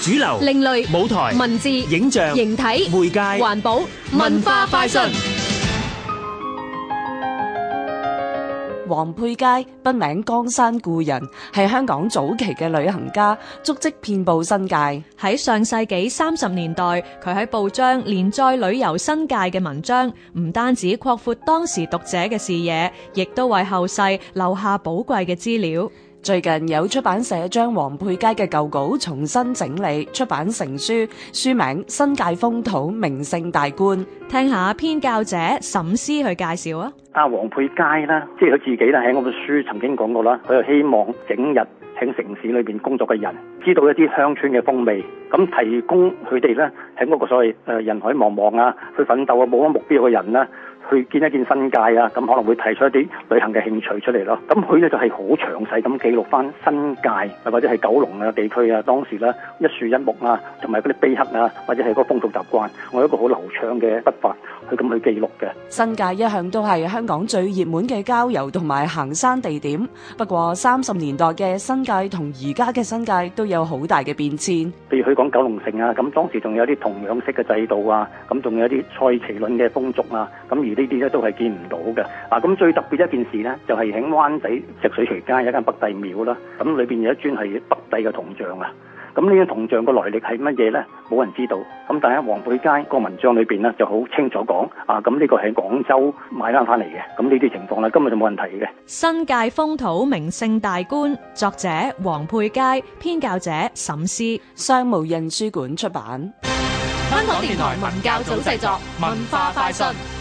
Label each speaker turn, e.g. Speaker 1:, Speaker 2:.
Speaker 1: 主流、另類舞台、文字、影像、形體、媒介、環保、文化、快訊。黃佩佳筆名江山故人，係香港早期嘅旅行家，足跡遍佈新界。喺上世紀三十年代，佢喺報章連載旅遊新界嘅文章，唔單止擴闊當時讀者嘅視野，亦都為後世留下寶貴嘅資料。最近有出版社將黃佩佳嘅舊稿重
Speaker 2: 新整理出版成書，書名《新界風土名勝大觀》，
Speaker 1: 聽下編教者沈思去介紹
Speaker 3: 啊。阿黃佩佳呢，即係佢自己啦，喺我本書曾經講過啦，佢就希望整日喺城市裏邊工作嘅人，知道一啲鄉村嘅風味，咁提供佢哋咧，喺嗰個所謂誒人海茫茫啊，去奮鬥啊，冇乜目標嘅人啦。去見一見新界啊，咁可能會提出一啲旅行嘅興趣出嚟咯。咁佢咧就係好詳細咁記錄返新界或者係九龍啊地區啊，當時咧一樹一木啊，同埋嗰啲碑刻啊，或者係嗰個風俗習慣，我有一個好流暢嘅筆法去咁去記錄嘅。
Speaker 2: 新界一向都係香港最熱門嘅郊遊同埋行山地點。不過三十年代嘅新界同而家嘅新界都有好大嘅
Speaker 3: 變遷。譬如佢講九龍城啊，咁當時仲有啲同樣式嘅制度啊，咁仲有啲賽棋輪嘅風俗啊，咁而呢啲咧都係見唔到嘅。嗱，咁最特別一件事咧，就係喺灣仔石水渠街有一間北帝廟啦。咁裏邊有一尊係北帝嘅銅像啊。咁呢啲銅像嘅來歷係乜嘢咧？冇人知道。咁但係黃佩佳個文章裏邊咧就好清楚講，啊，咁呢個喺廣州買翻翻嚟嘅。咁呢啲情況咧，今日就冇人提嘅。新
Speaker 1: 界風土名勝大觀，作者黃佩佳，編校者沈思，商務印書館出版。香港電台文教組製作，文化快訊。